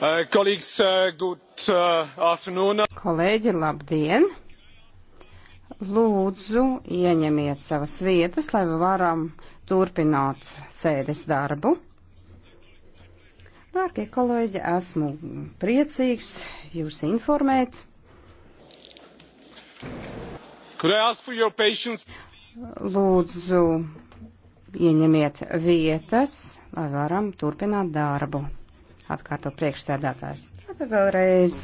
Uh, uh, good, uh, Kolēģi, labdien! Lūdzu, ieņemiet savas vietas, lai varam turpināt sēdes darbu. Dārgie kolēģi, esmu priecīgs jūs informēt. Lūdzu, ieņemiet vietas, lai varam turpināt darbu atkārto priekšsēdētājs. Tātad vēlreiz.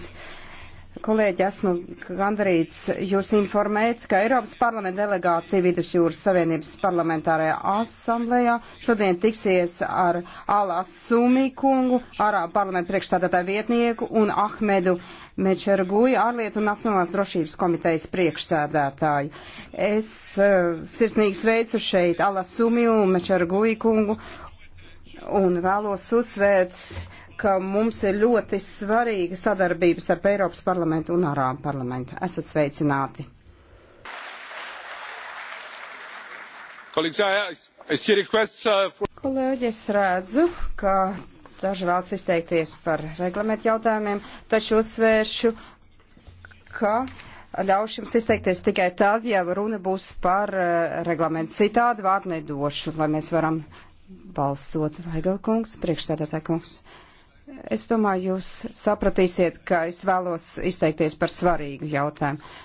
Kolēģi, esmu gandarīts jūs informēt, ka Eiropas parlamenta delegācija Vidusjūras Savienības parlamentārajā asamblējā šodien tiksies ar Alā Sumī kungu, Arābu parlamenta priekšstādātāju vietnieku un Ahmedu Mečerguju, ārlietu un nacionālās drošības komitejas priekšsēdētāju. Es uh, sirsnīgi sveicu šeit Alā Sumī un Mečerguju kungu un vēlos uzsvērt ka mums ir ļoti svarīga sadarbība starp Eiropas parlamentu un Arābu parlamentu. Esat sveicināti! Uh, Kolēģi, es redzu, ka daži vēlas izteikties par reglamentu jautājumiem, taču uzsvēršu, ka ļaušu jums izteikties tikai tad, ja runa būs par uh, reglamentu. Citādi vārdu nedošu, lai mēs varam balsot. Vaigalkungs, priekšsēdētāj kungs. Priekšsēdētā kungs. Es domāju, jūs sapratīsiet, ka es vēlos izteikties par svarīgu jautājumu.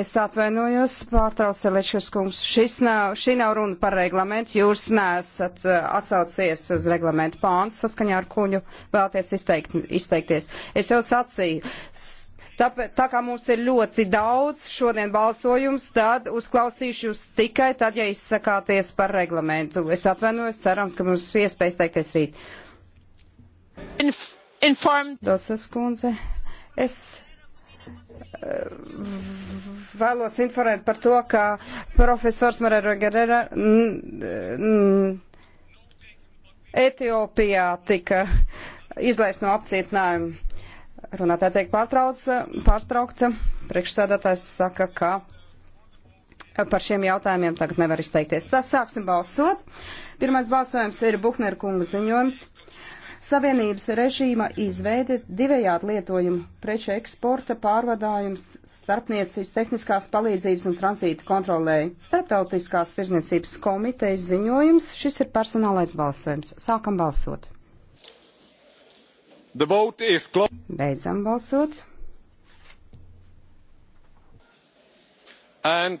Es atvainojos, pārtrauc Elešas kungs. Šis nav, šī nav runa par reglamentu. Jūs nesat eh, atsaucies uz reglamentu pāns, saskaņā ar kuņu vēlties izteikt, izteikties. Es jau sacīju, Tāpēc, tā kā mums ir ļoti daudz šodien balsojums, tad uzklausīšu jūs tikai tad, ja izsakāties par reglamentu. Es atvainojos, cerams, ka mums iespējas teikties rīt. Inf inform... Dosas kundze, es eh, vēlos informēt par to, ka profesors Marero Gerera Etiopijā tika izlaist no apcietinājuma. Runātāja tiek pārtraukta. Priekšsēdētājs saka, ka par šiem jautājumiem tagad nevar izteikties. Tā sāksim balsot. Pirmais balsojums ir Buhner kunga ziņojums. Savienības režīma izveide divējādi lietojumu preču eksporta pārvadājums starpniecības tehniskās palīdzības un tranzīta kontrolēja. Starptautiskās tirzniecības komitejas ziņojums. Šis ir personālais balsojums. Sākam balsot. Beidzam balsot. And